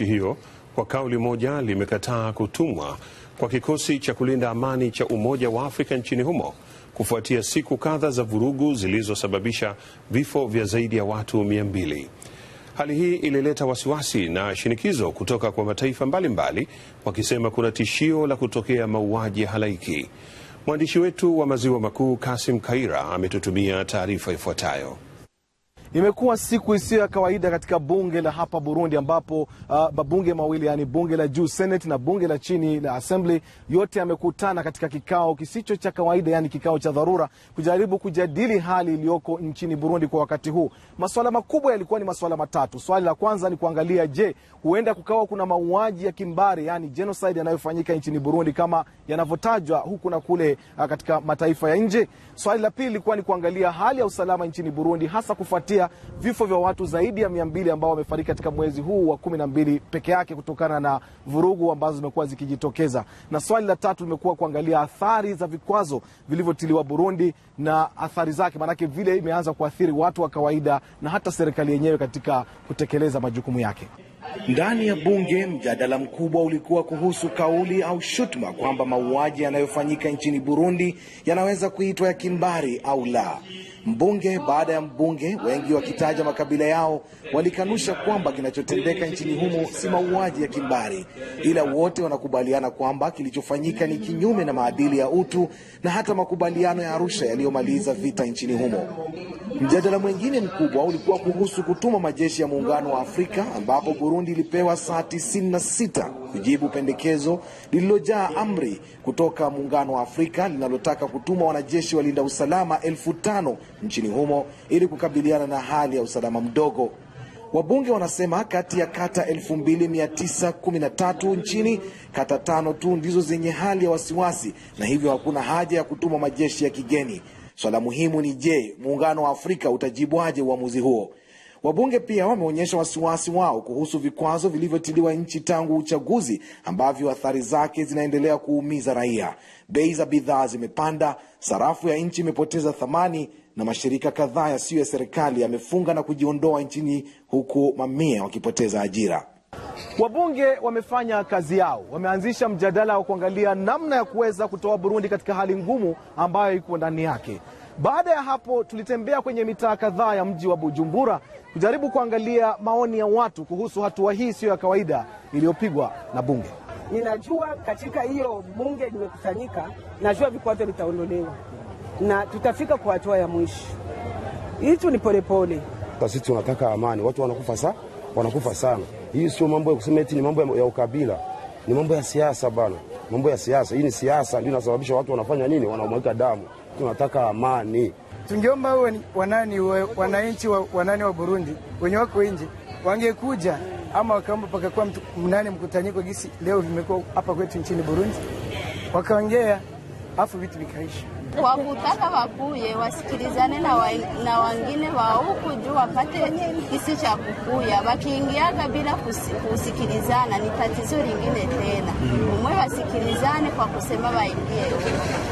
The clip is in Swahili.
nchi hiyo kwa kauli moja limekataa kutumwa kwa kikosi cha kulinda amani cha Umoja wa Afrika nchini humo kufuatia siku kadha za vurugu zilizosababisha vifo vya zaidi ya watu mia mbili. Hali hii ilileta wasiwasi na shinikizo kutoka kwa mataifa mbalimbali wakisema kuna tishio la kutokea mauaji ya halaiki. Mwandishi wetu wa Maziwa Makuu Kasim Kaira ametutumia taarifa ifuatayo. Imekuwa siku isiyo ya kawaida katika bunge la hapa Burundi ambapo ah, mabunge uh, mawili yani bunge la juu Senate na bunge la chini la Assembly yote yamekutana katika kikao kisicho cha kawaida yani kikao cha dharura kujaribu kujadili hali iliyoko nchini Burundi kwa wakati huu. Masuala makubwa yalikuwa ni masuala matatu. Swali la kwanza ni kuangalia, je, huenda kukawa kuna mauaji ya kimbari yani genocide yanayofanyika nchini Burundi kama yanavyotajwa huku na kule uh, katika mataifa ya nje. Swali la pili lilikuwa ni kuangalia hali ya usalama nchini Burundi hasa kufuatia vifo vya watu zaidi ya mia mbili ambao wamefariki katika mwezi huu wa kumi na mbili peke yake kutokana na vurugu ambazo zimekuwa zikijitokeza. Na swali la tatu limekuwa kuangalia athari za vikwazo vilivyotiliwa Burundi na athari zake, maanake vile imeanza kuathiri watu wa kawaida na hata serikali yenyewe katika kutekeleza majukumu yake. Ndani ya bunge mjadala mkubwa ulikuwa kuhusu kauli au shutuma kwamba mauaji yanayofanyika nchini Burundi yanaweza kuitwa ya kimbari au la. Mbunge baada ya mbunge, wengi wakitaja makabila yao, walikanusha kwamba kinachotendeka nchini humo si mauaji ya kimbari, ila wote wanakubaliana kwamba kilichofanyika ni kinyume na maadili ya utu na hata makubaliano ya Arusha yaliyomaliza vita nchini humo. Mjadala mwingine mkubwa ulikuwa kuhusu kutuma majeshi ya muungano wa Afrika ambapo Burundi Burundi ilipewa saa 96 kujibu pendekezo lililojaa amri kutoka Muungano wa Afrika linalotaka kutuma wanajeshi walinda usalama elfu tano nchini humo ili kukabiliana na hali ya usalama mdogo. Wabunge wanasema kati ya kata 2913 nchini, kata tano tu ndizo zenye hali ya wasiwasi na hivyo hakuna haja ya kutuma majeshi ya kigeni. Swala muhimu ni je, Muungano wa Afrika utajibwaje uamuzi huo? Wabunge pia wameonyesha wasiwasi wao kuhusu vikwazo vilivyotiliwa nchi tangu uchaguzi ambavyo athari zake zinaendelea kuumiza raia. Bei za bidhaa zimepanda, sarafu ya nchi imepoteza thamani na mashirika kadhaa yasiyo ya serikali yamefunga na kujiondoa nchini huku mamia wakipoteza ajira. Wabunge wamefanya kazi yao, wameanzisha mjadala wa kuangalia namna ya kuweza kutoa Burundi katika hali ngumu ambayo iko ndani yake. Baada ya hapo, tulitembea kwenye mitaa kadhaa ya mji wa Bujumbura kujaribu kuangalia maoni ya watu kuhusu hatua hii siyo ya kawaida iliyopigwa na bunge. Ninajua katika hiyo bunge limekusanyika, najua vikwazo vitaondolewa na tutafika kwa hatua ya mwisho. Hitu ni polepole. Sisi tunataka amani, watu wanakufa sana, wanakufa sana. Hii sio mambo ya kusema eti ni mambo ya ukabila, ni mambo ya siasa bana, mambo ya siasa. Hii ni siasa ndio inasababisha watu wanafanya nini, wanamwaga damu tunataka amani. Tungeomba wanani wananchi wanani wa Burundi wenye wako nje wangekuja ama wakaomba pakakuwa mnani mkutanyiko gisi leo vimekuwa hapa kwetu nchini Burundi, wakaongea afu vitu vikaisha. Kwa kutaka wakuye wasikilizane na, wa, na wangine wa huku juu wapate kisi cha kukuya. Wakiingiaga bila kusikilizana ni tatizo lingine tena. Umwe mm. wasikilizane kwa kusema waingie